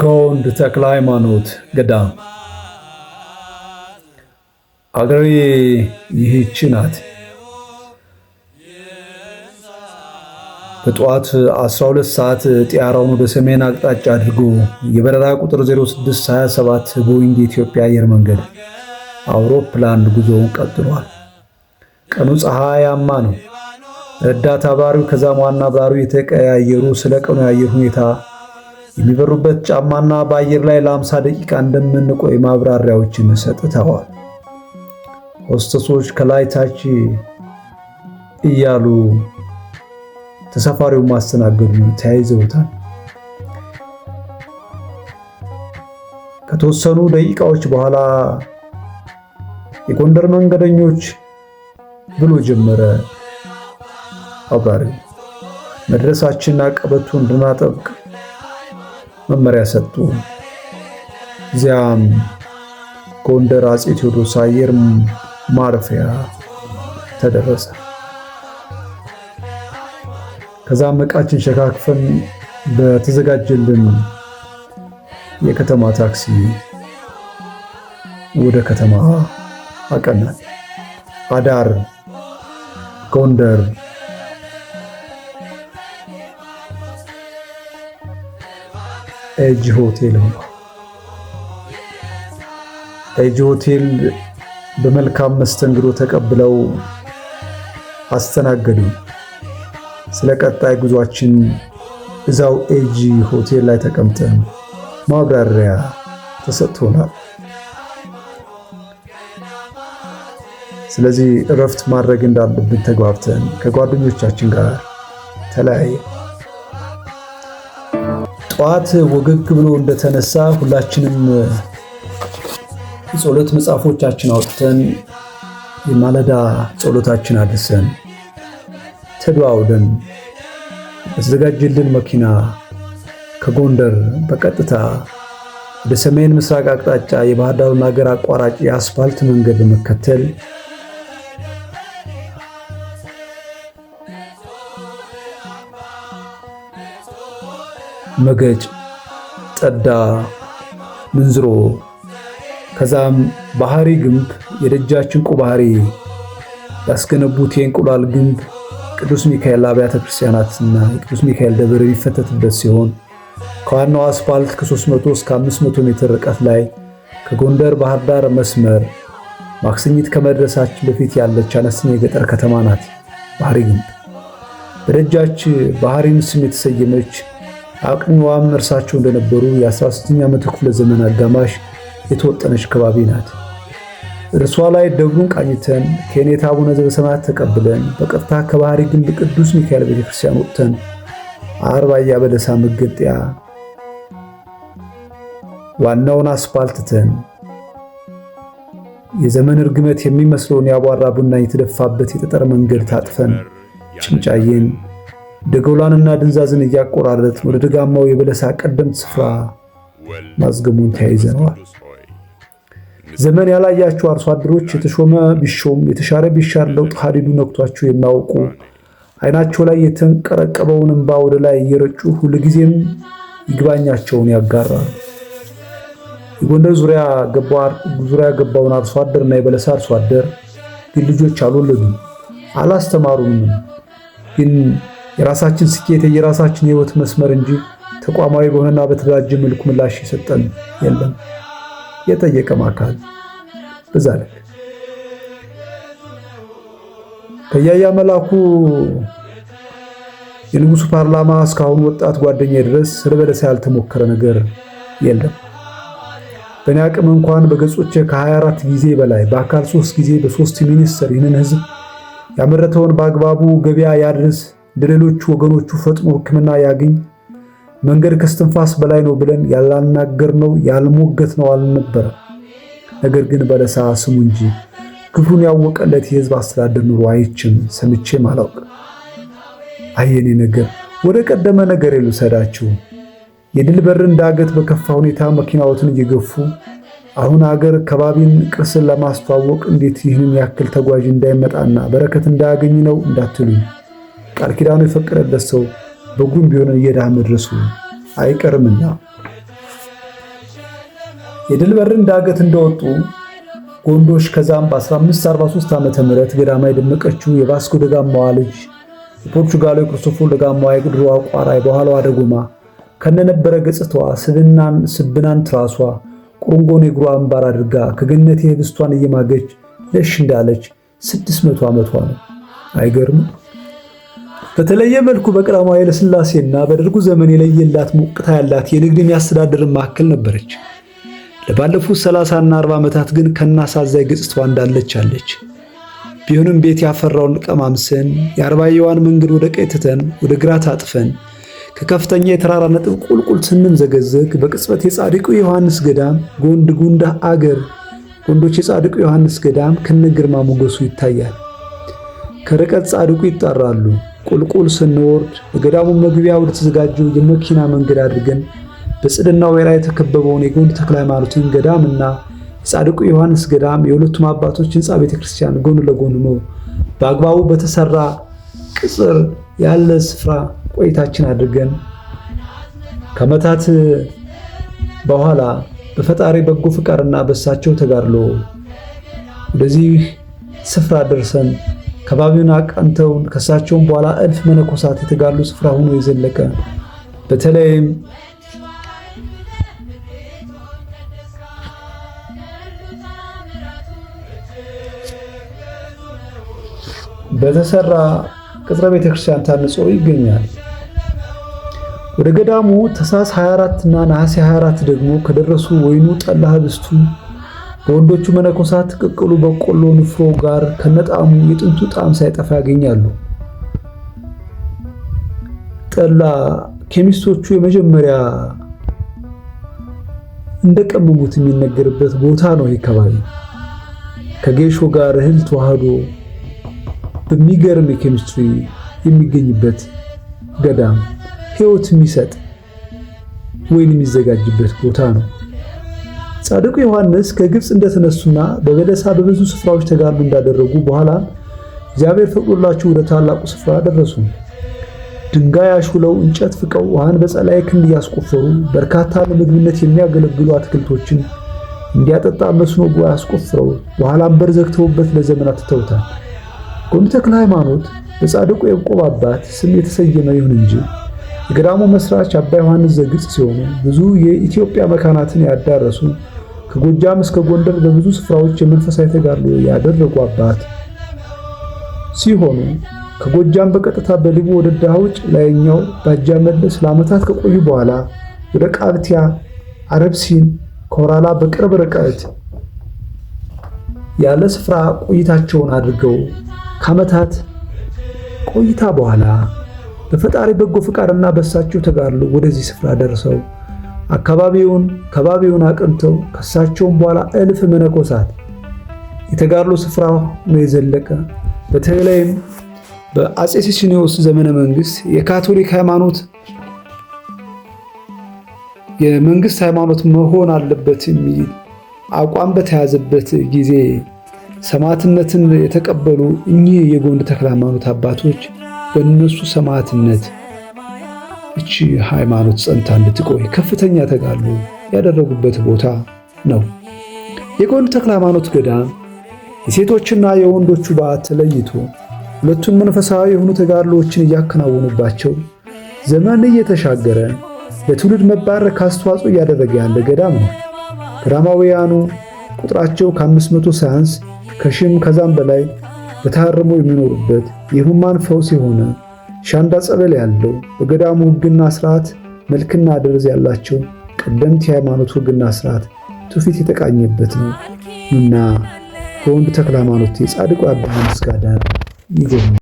ገወንድ ተክለ ሃይማኖት ገዳም አገሬ ይህች ናት። በጠዋት 12 ሰዓት ጥያራውን ወደ ሰሜን አቅጣጫ አድርጎ የበረራ ቁጥር 0627 ቦይንግ የኢትዮጵያ አየር መንገድ አውሮፕላን ጉዞውን ቀጥሏል። ቀኑ ፀሐያማ ነው። ረዳት አብራሪው ከዛም ዋና አብራሪው የተቀያየሩ ስለ ቀኑ የአየር ሁኔታ የሚበሩበት ጫማና በአየር ላይ ለ50 ደቂቃ እንደምንቆይ ማብራሪያዎችን ሰጥተዋል። ሆስተሶች ከላይ ታች እያሉ ተሳፋሪው ማስተናገዱ ተያይዘውታል። ከተወሰኑ ደቂቃዎች በኋላ የጎንደር መንገደኞች ብሎ ጀመረ አብራሪ መድረሳችንና ቀበቶ እንድናጠብቅ መመሪያ ሰጡ። እዚያም ጎንደር አፄ ቴዎድሮስ አየር ማረፊያ ተደረሰ። ከዛም እቃችን ሸካክፈን በተዘጋጀልን የከተማ ታክሲ ወደ ከተማ አቀናል። አዳር ጎንደር ኤጅ ሆቴል ነው። ኤጅ ሆቴል በመልካም መስተንግዶ ተቀብለው አስተናገዱ። ስለ ቀጣይ ጉዟችን እዛው ኤጅ ሆቴል ላይ ተቀምጠን ማብራሪያ ተሰጥቶናል። ስለዚህ እረፍት ማድረግ እንዳለብን ተግባብተን ከጓደኞቻችን ጋር ተለያየ። ጠዋት ወገግ ብሎ እንደተነሳ ሁላችንም የጸሎት መጽሐፎቻችን አውጥተን የማለዳ ጸሎታችን አድርሰን ተደዋውደን በተዘጋጀልን መኪና ከጎንደር በቀጥታ ወደ ሰሜን ምስራቅ አቅጣጫ የባህር ሀገር አቋራጭ የአስፋልት መንገድ በመከተል መገጭ፣ ጠዳ ምንዝሮ ከዛም ባህሪ ግንብ የደጃችን ዕንቁ ባህሪ ያስገነቡት የእንቁላል ግንብ ቅዱስ ሚካኤል አብያተ ክርስቲያናትና የቅዱስ ሚካኤል ደብር የሚፈተትበት ሲሆን ከዋናው አስፋልት ከ300 እስከ 500 ሜትር ርቀት ላይ ከጎንደር ባህር ዳር መስመር ማክሰኝት ከመድረሳችን በፊት ያለች አነስተኛ የገጠር ከተማ ናት። ባህሪ ግንብ በደጃች ባህሪ ምስም የተሰየመች አቅሚዋም እርሳቸው እንደነበሩ የ16ኛ መቶ ክፍለ ዘመን አጋማሽ የተወጠነች ከባቢ ናት። እርሷ ላይ ደብሩን ቃኝተን ከኔታ አቡነ ዘበሰማያት ተቀብለን በቀጥታ ከባህሪ ግንብ ቅዱስ ሚካኤል ቤተክርስቲያን ወጥተን አርባያ በለሳ መገንጠያ ዋናውን አስፋልትተን የዘመን እርግመት የሚመስለውን ያቧራ ቡና የተደፋበት የጠጠር መንገድ ታጥፈን ጭንጫዬን ደጎላንና ድንዛዝን እያቆራረጥ ወደ ደጋማው የበለሳ ቀደምት ስፍራ ማዝገሙን ተያይዘነዋል። ዘመን ያላያቸው አርሶ አደሮች የተሾመ ቢሾም የተሻረ ቢሻር ለውጥ ሀዲዱ ነክቷችሁ የማያውቁ አይናቸው ላይ የተንቀረቀበውን እንባ ወደ ላይ እየረጩ ሁልጊዜም ይግባኛቸውን ያጋራል። የጎንደር ዙሪያ ገባውን አርሶ እና የበለሳ አርሶ አደር ግን ልጆች አልወለዱም፣ አላስተማሩም ግን የራሳችን ስኬት የራሳችን የህይወት መስመር እንጂ ተቋማዊ በሆነና በተደራጀ መልኩ ምላሽ የሰጠን የለም። የጠየቀም አካል በዛ ከያያ መላኩ የንጉሱ ፓርላማ እስካሁን ወጣት ጓደኛ ድረስ ስለበለሳ ያልተሞከረ ነገር የለም። በእኔ አቅም እንኳን በገጾቼ ከ24 ጊዜ በላይ በአካል ሶስት ጊዜ በሶስት ሚኒስትር ይህንን ህዝብ ያመረተውን በአግባቡ ገበያ ያድርስ ለሌሎች ወገኖቹ ፈጥኖ ሕክምና ያግኝ። መንገድ ከስትንፋስ በላይ ነው ብለን ያላናገር ነው ያልሞገት ነው አልነበረ። ነገር ግን በለሳ ስሙ እንጂ ክፍሉን ያወቀለት የህዝብ አስተዳደር ኑሮ አይችም ሰምቼ ማላውቅ። አየኔ ነገር ወደ ቀደመ ነገር ልውሰዳችሁ። የድል በርን ዳገት በከፋ ሁኔታ መኪናዎትን እየገፉ አሁን አገር ከባቢን ቅርስን ለማስተዋወቅ እንዴት ይህንን ያክል ተጓዥ እንዳይመጣና በረከት እንዳያገኝ ነው እንዳትሉኝ። ቃል ኪዳኑ የፈቀደለት ሰው በጉም ቢሆን እየዳ መድረሱ አይቀርምና የድል በርን ዳገት እንደወጡ ጎንዶሽ ከዛም በ1543 ዓ ም ገዳማ የደመቀችው የቫስኮ ደጋማዋ ልጅ የፖርቹጋሉ ክርስቶፎር ደጋማዋ የግድሯ ቋራ የበኋላዋ ደጎማ ከነነበረ ገጽታዋ ስብናን ትራሷ ቁርንጎን የእግሯ አንባር አድርጋ ከገነት የህብስቷን እየማገች ለሽ እንዳለች 600 ዓመቷ ነው። አይገርምም? በተለየ መልኩ በቀዳማዊ ኃይለ ሥላሴና በደርጉ ዘመን የለየላት ሞቅታ ያላት የንግድ የሚያስተዳድር ማዕከል ነበረች። ለባለፉት 30ና 40 ዓመታት ግን ከናሳዛይ ገጽቷ እንዳለች አለች። ቢሆንም ቤት ያፈራውን ቀማምሰን የአርባየዋን መንገድ ወደ ቀኝ ትተን ወደ ግራ ታጥፈን ከከፍተኛ የተራራ ነጥብ ቁልቁል ስንምዘገዘግ በቅጽበት የጻድቁ ዮሐንስ ገዳም ጎንድ ጉንዳ አገር ወንዶች የጻድቁ ዮሐንስ ገዳም ከነግርማ ሞገሱ ይታያል። ከርቀት ጻድቁ ይጣራሉ። ቁልቁል ስንወርድ በገዳሙ መግቢያ ወደ ተዘጋጁ የመኪና መንገድ አድርገን በጽድና ወይራ የተከበበውን የግንድ ተክለ ሃይማኖትን ገዳምና የጻድቁ ዮሐንስ ገዳም የሁለቱም አባቶች ህንፃ ቤተክርስቲያን ጎን ለጎን ነው በአግባቡ በተሰራ ቅጽር ያለ ስፍራ ቆይታችን አድርገን ከመታት በኋላ በፈጣሪ በጎ ፍቃድና በእሳቸው ተጋድሎ ወደዚህ ስፍራ ደርሰን ከባቢውን አቃንተውን ከእሳቸውም በኋላ እልፍ መነኮሳት የተጋሉ ስፍራ ሆኖ የዘለቀ በተለይም በተሰራ ቅጥረ ቤተክርስቲያን ታንጾ ይገኛል። ወደ ገዳሙ ተሳስ 24 እና ነሐሴ 24 ደግሞ ከደረሱ ወይኑ ጠላ ህብስቱ በወንዶቹ መነኮሳት ቅቅሉ በቆሎ ንፍሮ ጋር ከነጣዕሙ የጥንቱ ጣዕም ሳይጠፋ ያገኛሉ። ጠላ ኬሚስቶቹ የመጀመሪያ እንደቀመሙት የሚነገርበት ቦታ ነው። ይህ ከጌሾ ጋር እህል ተዋህዶ በሚገርም የኬሚስትሪ የሚገኝበት ገዳም ህይወት የሚሰጥ ወይን የሚዘጋጅበት ቦታ ነው። ጻድቁ ዮሐንስ ከግብፅ እንደተነሱና በበለሳ በብዙ ስፍራዎች ተጋድሎ እንዳደረጉ በኋላም እግዚአብሔር ፈቅዶላቸው ወደ ታላቁ ስፍራ ደረሱ። ድንጋይ አሹለው እንጨት ፍቀው ውሃን በጸላይ ክንድ እያስቆፈሩ በርካታ ለምግብነት የሚያገለግሉ አትክልቶችን እንዲያጠጣ መስኖ ቦይ አስቆፍረው በኋላም በር ዘግተውበት ለዘመናት ትተውታል። ጎንደ ተክለ ሃይማኖት በጻድቁ ያዕቆብ አባት ስም የተሰየመ ይሁን እንጂ የገዳሙ መስራች አባ ዮሐንስ ዘግጽ ሲሆኑ ብዙ የኢትዮጵያ መካናትን ያዳረሱ ከጎጃም እስከ ጎንደር በብዙ ስፍራዎች የመንፈሳዊ ተጋድሎ ያደረጉ አባት ሲሆኑ ከጎጃም በቀጥታ በልቡ ወደ ዳውጭ ላይኛው ባጃ መለስ ለዓመታት ከቆዩ በኋላ ወደ ቃብቲያ አረብሲን ከወራላ በቅርብ ርቀት ያለ ስፍራ ቆይታቸውን አድርገው ከዓመታት ቆይታ በኋላ በፈጣሪ በጎ ፍቃድና በሳቸው ተጋድሎ ወደዚህ ስፍራ ደርሰው አካባቢውን ከባቢውን አቅንተው ከሳቸውም በኋላ እልፍ መነኮሳት የተጋድሎ ስፍራ ነው የዘለቀ። በተለይም በአጼ ዘመነ መንግስት የካቶሊክ ሃይማኖት የመንግስት ሃይማኖት መሆን አለበት የሚል አቋም በተያዘበት ጊዜ ሰማዕትነትን የተቀበሉ እኚህ የጎንድ ተክለ ሃይማኖት አባቶች በእነሱ ሰማዕትነት እቺ ሃይማኖት ጸንታ እንድትቆይ ከፍተኛ ተጋድሎ ያደረጉበት ቦታ ነው። የጎንድ ተክለ ሃይማኖት ገዳም የሴቶችና የወንዶቹ በዓት ተለይቶ ሁለቱን መንፈሳዊ የሆኑ ተጋድሎዎችን እያከናወኑባቸው ዘመን እየተሻገረ ለትውልድ መባረክ አስተዋጽኦ እያደረገ ያለ ገዳም ነው። ገዳማውያኑ ቁጥራቸው ከአምስት መቶ ሳያንስ ከሽም ከዛም በላይ በታርሞ የሚኖሩበት የሕሙማን ፈውስ የሆነ ሻንዳ ጸበል ያለው በገዳሙ ሕግና ስርዓት መልክና ደርዝ ያላቸው ቀደምት የሃይማኖት ሕግና ስርዓት ትውፊት የተቃኘበት ነው እና በወንዱ ተክለ ሃይማኖት የጻድቁ አባ ምስጋና ይገኛል።